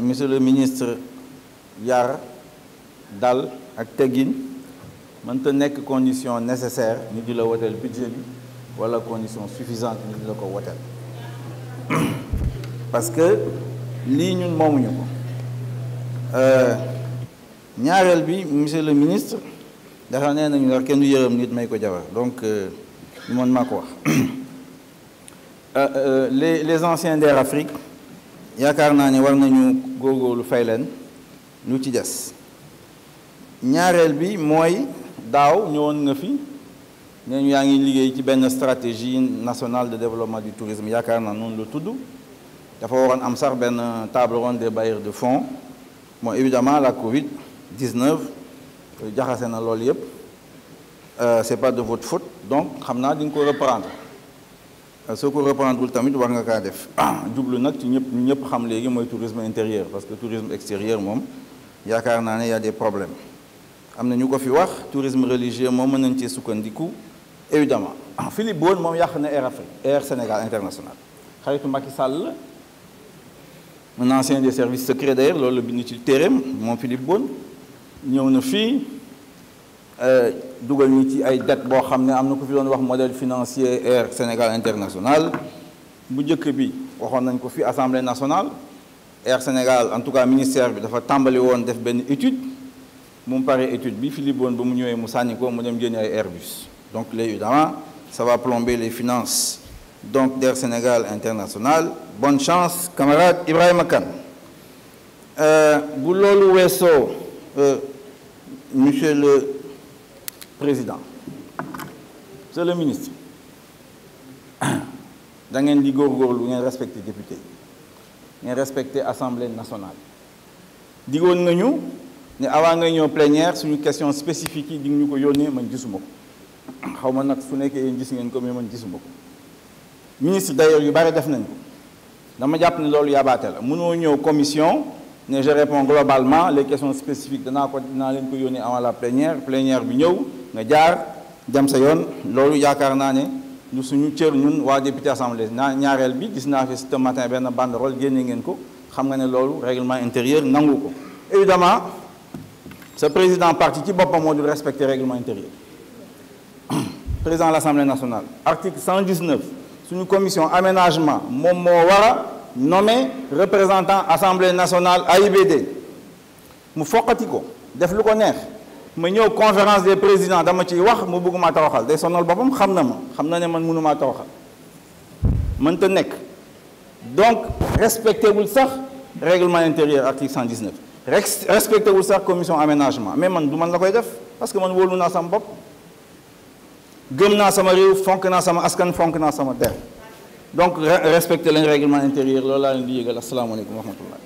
monsieur le ministre yar dal ak teggin mënta nekk condition nécessaire ñu di la woteel budget bi wala condition suffisante ñu di la ko woteel parce que lii ñun moomuñu ko euh, ñaareel bi monsieur le ministre dafa nee nañu wax kenn du yërëm nit may ko jabar donc ñu euh, mën maa ko wax euh, les les anciens d'Air Afrique yaakaar naa ni war nañu lu fay leen lu ci des ñaareel bi mooy daaw ñëwoon nga fi nee yaa ngi liggéey ci benn stratégie nationale de développement du tourisme yaakaar naa noonu la tudd dafa waroon am sax benn table ronde des bailleurs de fonds bon évidemment la Covid 19 euh, jaxase na loolu yëpp euh, c'est pas de votre faute donc xam naa di nga ko reprendre. Euh, soo ko reprendrewul tamit war nga kaa def jublu nag ci ñëpp ñëpp xam léegi mooy tourisme intérieur parce que tourisme extérieur moom yaakaar naa ne y a des am na ñu ko fi wax tourisme religieux moom mën nañ cee sukkandiku évidemment ah, Philippe Beaune moom yàq na Air Afrique Air Sénégal International xaritu Macky Sall un ancien de service secrets d'ailleurs loolu la bind ci téereem moom Philippe Beaune ñëw na fii Euh, dugal ñu ci ay dette boo xam ne am na ku fi doon wax modèle financier Air Sénégal International bu njëkk bi waxoon nañ ko fi asamble nationale Air Sénégal en tout cas ministère bi dafa tàmbali woon def benn étude mu pare étude bi Philippe Bohn ba mu ñëwee mu sànni mu dem génne ay Airbus donc là évidemment sa va plomber les finances donc d'Air Sénégal International bon chance camarade Ibrahima Kane euh, bu loolu weesoo euh, monsieur le président monsieur le ministre da ngeen di góorgóorlu ngeen respecté député yi ngeen respecté assemblée nationale digoon nañu ne avant nga ñëw plénière suñu question spécifique yi di ñu ko yónnee man gisuma ko xaw ma nag su nekkee yéen gis ngeen ko mais man gisuma ko ministre d'ailleurs yu bari def nañ ko dama jàpp ne loolu yabaate la mënoo ñëw commission ne je réponds globalement les questions spécifiques danaa ko dinaa leen ko yónnee avant la plénière plénière bi ñëw nga jaar dem sa yoon loolu yaakaar naa ne lu suñu cër ñun waa député assemblée na ñaareel bi gis naa fi ce matin benn banderole génne ngeen ko xam nga ne loolu règlement intérieur nangu ko évidemment sa président parti ci boppam moo dul respecter règlement intérieur président de l'assemblée nationale article 119 suñu commission aménagement moom moo war a nommer représentant assemblée nationale AIBD mu foqati ko def lu ko neex ma ñëw conférence des présidents dama ciy wax mu bëgguma tawaxal day sonal boppam xam na ma xam na ne man mënumaa man mënta nekk donc respecté wul sax règlement intérieur article 119 respecté wul sax commission aménagement mais man du man la koy def parce que man wóolu naa sama bopp gëm naa sama réew fonk naa sama askan fonk naa sama der donc respecté leen règlement intérieur loolu laa leen di yëgal asalaamaaleykum wa rahmatullah